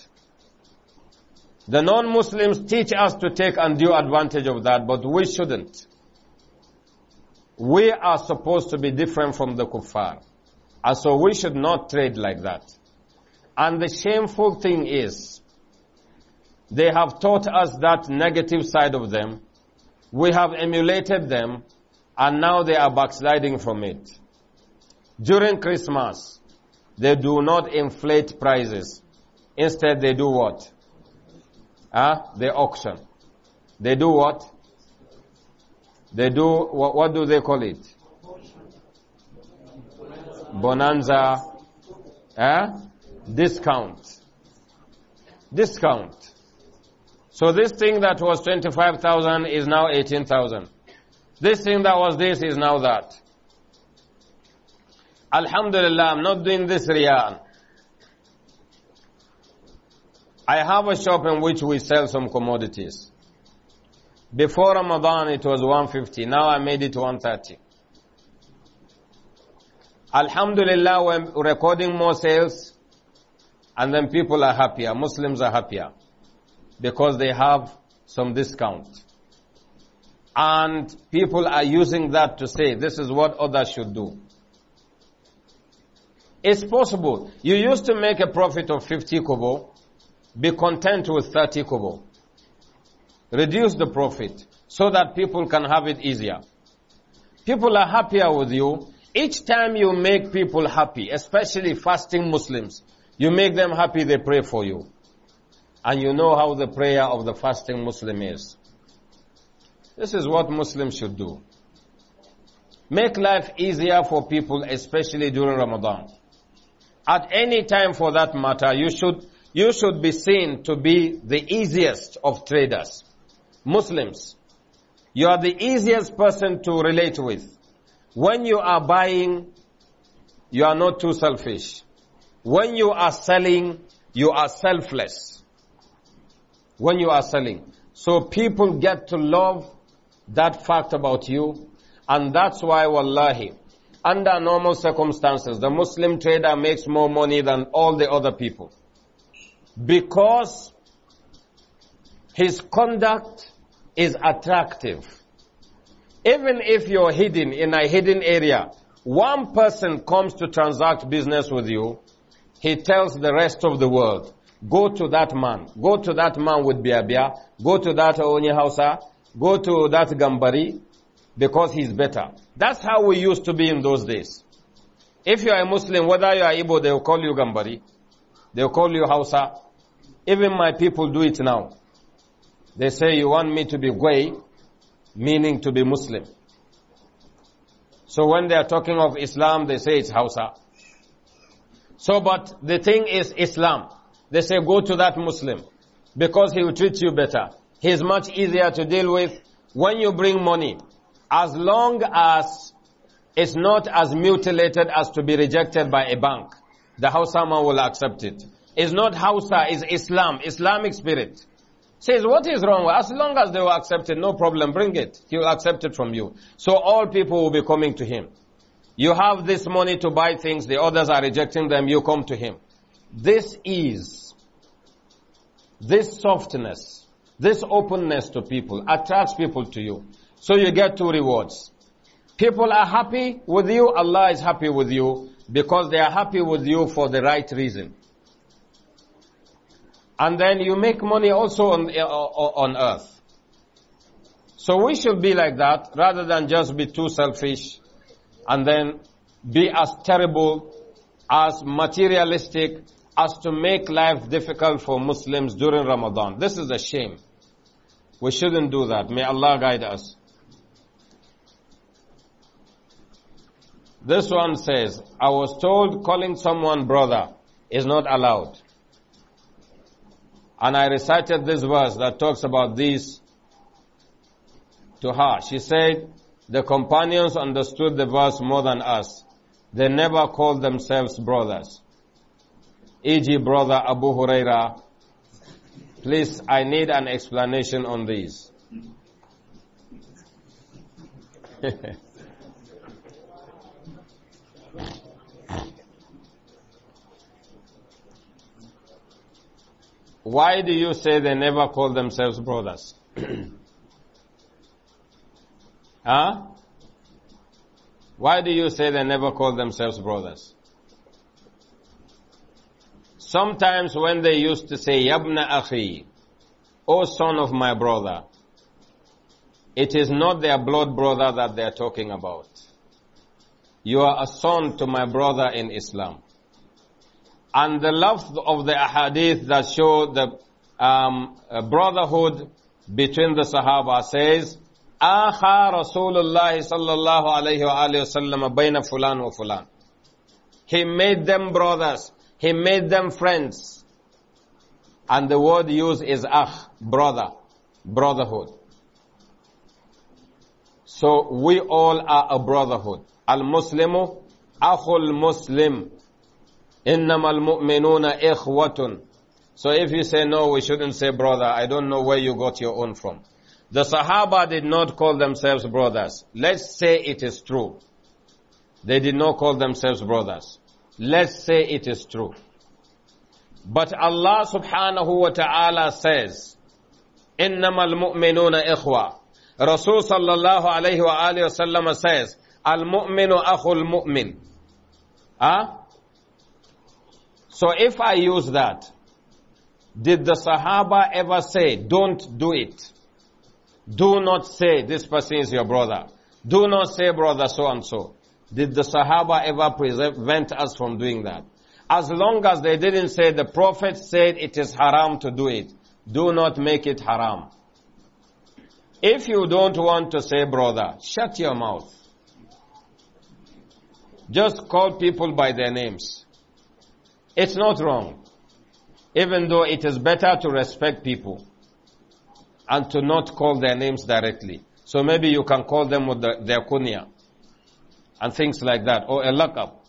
The non-Muslims teach us to take undue advantage of that, but we shouldn't. We are supposed to be different from the kuffar. And so we should not trade like that. And the shameful thing is, they have taught us that negative side of them. We have emulated them and now they are backsliding from it. During Christmas, they do not inflate prices. Instead, they do what? Ah, huh? They auction. They do what? They do, what, what do they call it? Bonanza. Ah, Discount. Discount. So this thing that was 25,000 is now 18,000. This thing that was this is now that. Alhamdulillah, I'm not doing this riyah. I have a shop in which we sell some commodities. Before Ramadan it was 150. Now I made it 130. Alhamdulillah, we're recording more sales and then people are happier. Muslims are happier because they have some discount. And people are using that to say this is what others should do. It's possible. You used to make a profit of 50 kobo, be content with 30 kobo. Reduce the profit so that people can have it easier. People are happier with you. Each time you make people happy, especially fasting Muslims, you make them happy, they pray for you. And you know how the prayer of the fasting Muslim is. This is what Muslims should do. Make life easier for people, especially during Ramadan. At any time for that matter, you should, you should be seen to be the easiest of traders. Muslims. You are the easiest person to relate with. When you are buying, you are not too selfish. When you are selling, you are selfless when you are selling. So people get to love that fact about you. And that's why, wallahi, under normal circumstances, the Muslim trader makes more money than all the other people. Because his conduct is attractive. Even if you're hidden in a hidden area, one person comes to transact business with you, he tells the rest of the world, Go to that man. Go to that man with biabia. Go to that Onyehausa. Go to that Gambari because he's better. That's how we used to be in those days. If you are a Muslim, whether you are Igbo, they will call you Gambari. They will call you Hausa. Even my people do it now. They say, you want me to be way, meaning to be Muslim. So when they are talking of Islam, they say it's Hausa. So, but the thing is Islam. They say, go to that Muslim because he will treat you better. He's much easier to deal with when you bring money. As long as it's not as mutilated as to be rejected by a bank, the Hausa man will accept it. It's not Hausa, it's Islam, Islamic spirit. Says, what is wrong? As long as they will accept it, no problem, bring it. He will accept it from you. So all people will be coming to him. You have this money to buy things, the others are rejecting them, you come to him. This is this softness, this openness to people attracts people to you. So you get two rewards. People are happy with you, Allah is happy with you because they are happy with you for the right reason. And then you make money also on, uh, on earth. So we should be like that rather than just be too selfish and then be as terrible, as materialistic, as to make life difficult for Muslims during Ramadan. This is a shame. We shouldn't do that. May Allah guide us. This one says, I was told calling someone brother is not allowed. And I recited this verse that talks about this to her. She said, the companions understood the verse more than us. They never called themselves brothers. E.g., brother Abu Huraira, please, I need an explanation on this. [laughs] Why do you say they never call themselves brothers? [clears throat] huh? Why do you say they never call themselves brothers? Sometimes when they used to say, Yabna Akhi, O son of my brother, it is not their blood brother that they are talking about. You are a son to my brother in Islam. And the love of the ahadith that show the um, brotherhood between the Sahaba says, آخى Rasulullah sallallahu صلى الله عليه وآله وسلم بين فلان وفلان. He made them brothers he made them friends. And the word used is akh, brother, brotherhood. So we all are a brotherhood. Al-Muslimu, akhul Muslim. Innamal mu'minuna ikhwatun. So if you say no, we shouldn't say brother, I don't know where you got your own from. The Sahaba did not call themselves brothers. Let's say it is true. They did not call themselves brothers. Let's say it is true. But Allah subhanahu wa ta'ala says, إنما المؤمنون إخوة Rasul sallallahu alayhi wa alayhi wasallam says, Al-mu'minu akhul mu'min. Huh? Ah? So if I use that, did the Sahaba ever say, don't do it? Do not say this person is your brother. Do not say brother so and so. Did the Sahaba ever prevent us from doing that? As long as they didn't say the Prophet said it is haram to do it, do not make it haram. If you don't want to say brother, shut your mouth. Just call people by their names. It's not wrong. Even though it is better to respect people and to not call their names directly. So maybe you can call them with the, their kunya and things like that, or a lockup.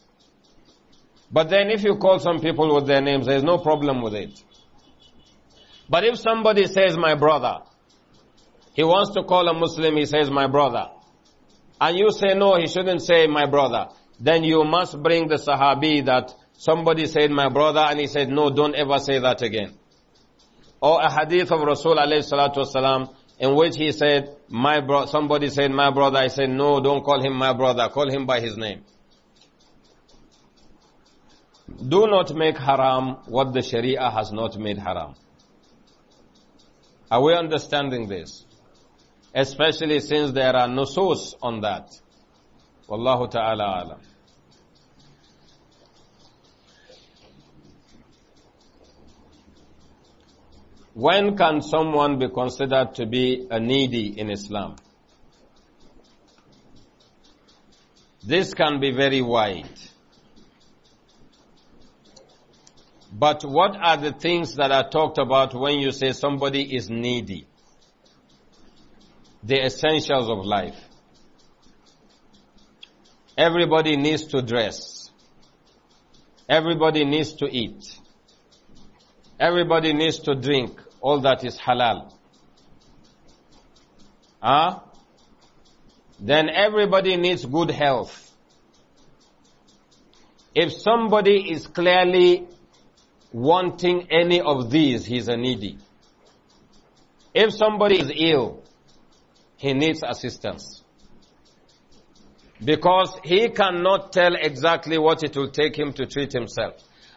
But then if you call some people with their names, there's no problem with it. But if somebody says my brother, he wants to call a Muslim, he says my brother. And you say no, he shouldn't say my brother. Then you must bring the Sahabi that somebody said my brother and he said no, don't ever say that again. Or a hadith of Rasul alayhi salatu wasalam in which he said, my bro somebody said, my brother. I said, no, don't call him my brother. Call him by his name. Do not make haram what the Sharia has not made haram. Are we understanding this? Especially since there are nusus on that. Wallahu ta'ala alam. When can someone be considered to be a needy in Islam? This can be very wide. But what are the things that are talked about when you say somebody is needy? The essentials of life. Everybody needs to dress. Everybody needs to eat. Everybody needs to drink all that is halal. Huh? Then everybody needs good health. If somebody is clearly wanting any of these, he's a needy. If somebody is ill, he needs assistance. Because he cannot tell exactly what it will take him to treat himself.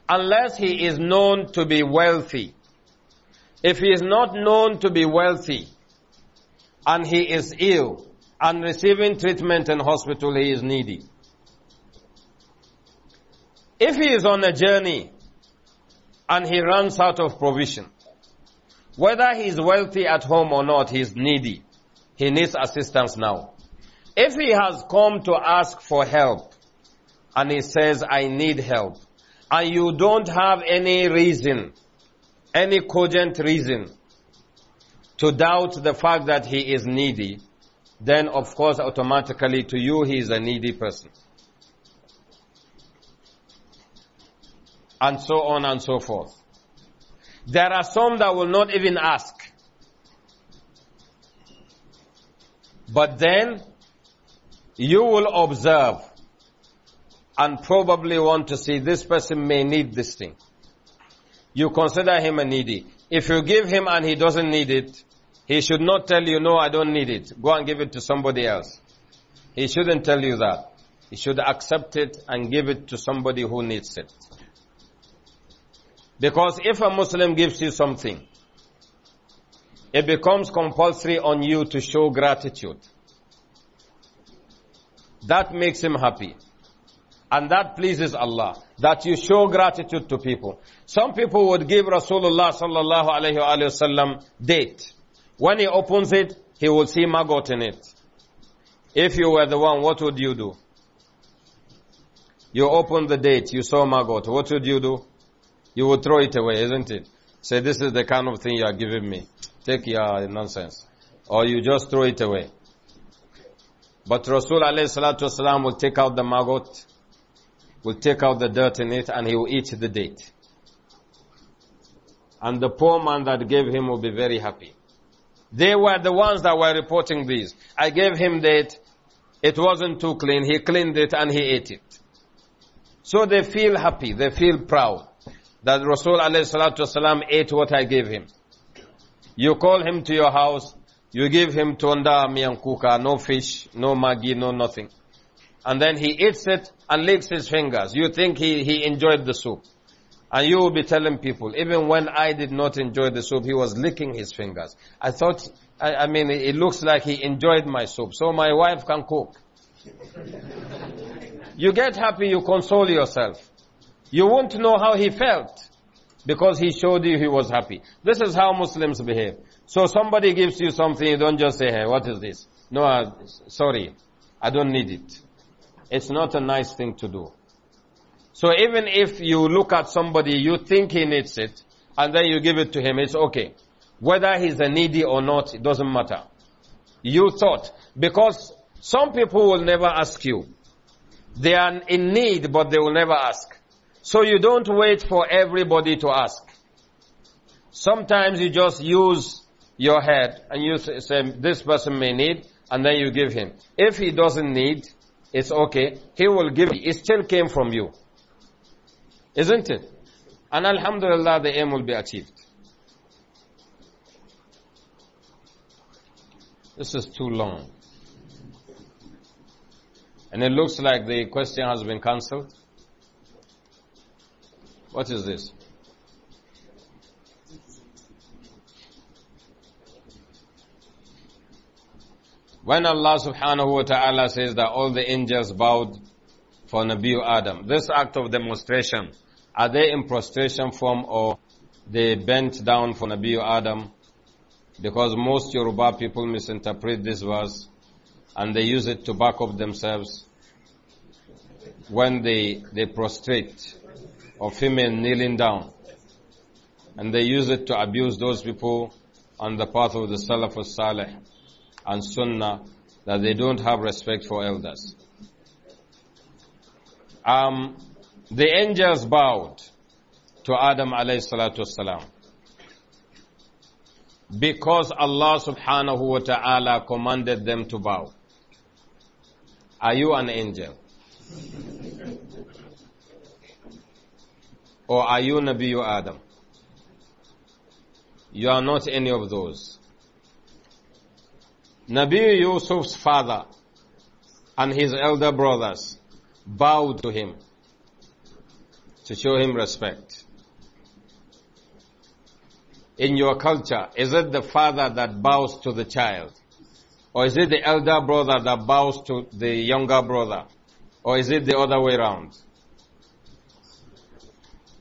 Unless he is known to be wealthy. If he is not known to be wealthy and he is ill and receiving treatment in hospital, he is needy. If he is on a journey and he runs out of provision, whether he is wealthy at home or not, he is needy. He needs assistance now. If he has come to ask for help and he says, I need help, and you don't have any reason any cogent reason to doubt the fact that he is needy, then of course automatically to you he is a needy person. And so on and so forth. There are some that will not even ask. But then you will observe and probably want to see this person may need this thing you consider him a needy. If you give him and he doesn't need it, he should not tell you, no, I don't need it. Go and give it to somebody else. He shouldn't tell you that. He should accept it and give it to somebody who needs it. Because if a Muslim gives you something, it becomes compulsory on you to show gratitude. That makes him happy. And that pleases Allah, that you show gratitude to people. Some people would give Rasulullah sallallahu alayhi wa sallam date. When he opens it, he will see maggot in it. If you were the one, what would you do? You open the date, you saw maggot, what would you do? You would throw it away, isn't it? Say, this is the kind of thing you are giving me. Take your nonsense. Or you just throw it away. But Rasul alayhi salatu wasalam will take out the maggot will take out the dirt in it and he will eat the date. And the poor man that gave him will be very happy. They were the ones that were reporting these. I gave him date. It wasn't too clean. He cleaned it and he ate it. So they feel happy. They feel proud that Rasul alayhi ate what I gave him. You call him to your house. You give him tonda, miyankuka, no fish, no maggi, no nothing and then he eats it and licks his fingers. You think he, he enjoyed the soup. And you will be telling people, even when I did not enjoy the soup, he was licking his fingers. I thought, I, I mean, it looks like he enjoyed my soup, so my wife can cook. you get happy, you console yourself. You won't know how he felt because he showed you he was happy. This is how Muslims behave. So somebody gives you something, you don't just say, hey, what is this? No, I, uh, sorry, I don't need it. It's not a nice thing to do. So even if you look at somebody, you think he needs it, and then you give it to him, it's okay. Whether he's a needy or not, it doesn't matter. You thought. Because some people will never ask you. They are in need, but they will never ask. So you don't wait for everybody to ask. Sometimes you just use your head and you say, this person may need, and then you give him. If he doesn't need, it's okay. He will give you. It still came from you. Isn't it? And alhamdulillah, the aim will be achieved. This is too long. And it looks like the question has been cancelled. What is this? When Allah subhanahu wa ta'ala says that all the angels bowed for Nabi Adam, this act of demonstration, are they in prostration form or they bent down for Nabi Adam? Because most Yoruba people misinterpret this verse and they use it to back up themselves when they, they prostrate or female kneeling down. And they use it to abuse those people on the path of the Salaf al-Salih and Sunnah that they don't have respect for elders. Um, the angels bowed to Adam alayhi salatu salam because Allah subhanahu wa ta'ala commanded them to bow. Are you an angel? or are you Nabi Adam? You are not any of those. Nabi Yusuf's father and his elder brothers bowed to him to show him respect. In your culture, is it the father that bows to the child? Or is it the elder brother that bows to the younger brother? Or is it the other way around?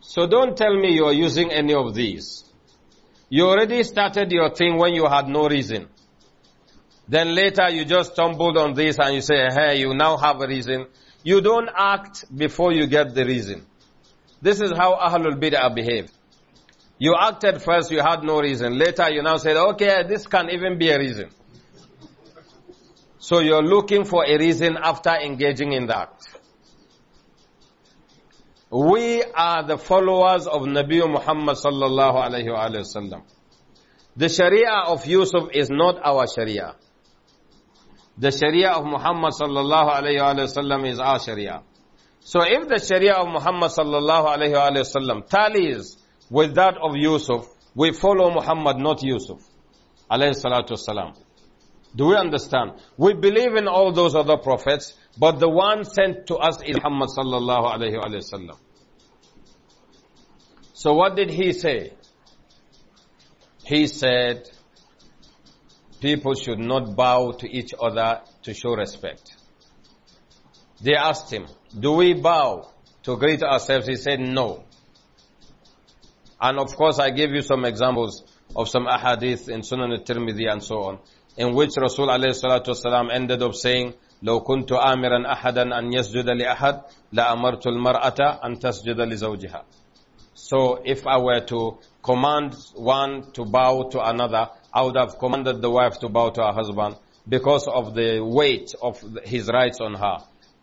So don't tell me you are using any of these. You already started your thing when you had no reason. Then later you just stumbled on this and you say, hey, you now have a reason. You don't act before you get the reason. This is how Ahlul Bid'ah behave. You acted first, you had no reason. Later you now said, okay, this can even be a reason. So you're looking for a reason after engaging in that. We are the followers of Nabi Muhammad sallallahu alayhi wa sallam. The Sharia of Yusuf is not our Sharia. The Sharia of Muhammad sallallahu alayhi wa sallam is our Sharia. So if the Sharia of Muhammad sallallahu alayhi wa sallam tallies with that of Yusuf, we follow Muhammad, not Yusuf alayhi salatu wasalam. Do we understand? We believe in all those other prophets, but the one sent to us is Muhammad sallallahu alayhi wa sallam. So what did he say? He said, people should not bow to each other to show respect. They asked him, do we bow to greet ourselves? He said, no. And of course, I gave you some examples of some ahadith in Sunan al-Tirmidhi and so on, in which Rasul alayhi salatu wasalam ended up saying, لو كنت آمرا أحدا أن يسجد لأحد لأمرت المرأة أن تسجد لزوجها. So if I were to command one to bow to another, I would have commanded the wife to bow to her husband because of the weight of his rights on her.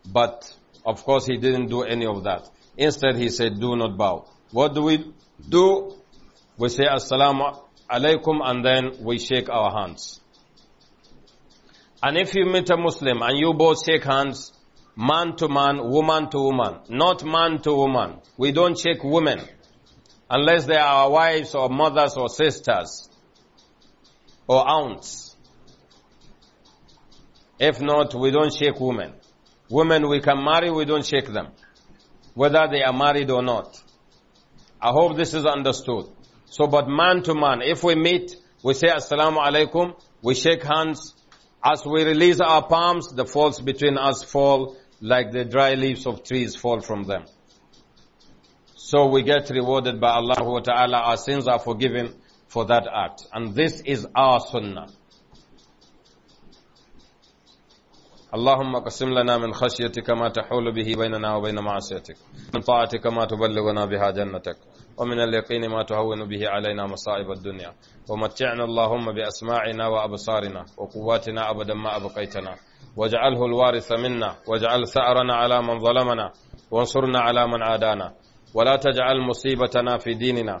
But of course he didn't do any of that. Instead he said, do not bow. What do we do? We say assalamu alaikum and then we shake our hands. And if you meet a Muslim and you both shake hands, man to man, woman to woman, not man to woman. We don't shake women unless they are our wives or mothers or sisters or ounce. If not, we don't shake women. Women we can marry, we don't shake them, whether they are married or not. I hope this is understood. So, but man to man, if we meet, we say Assalamu alaikum, we shake hands. As we release our palms, the faults between us fall like the dry leaves of trees fall from them. So we get rewarded by Allah ta'ala. Our sins are forgiven for that act. And this is our sunna. Allahumma kasim min khashiyati kama ta bihi baina ma'asiyati. Min ta'ati kama biha jannatak. Wa min al-yaqini ma tu hawinu bi asma'ina wa abasarina. Wa kuwatina abadan ma abakaytana. Wa sa'arana ala man zalamana. Wa ansurna ala man adana. dinina.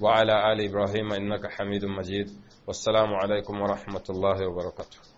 وعلى آل إبراهيم إنك حميد مجيد والسلام عليكم ورحمة الله وبركاته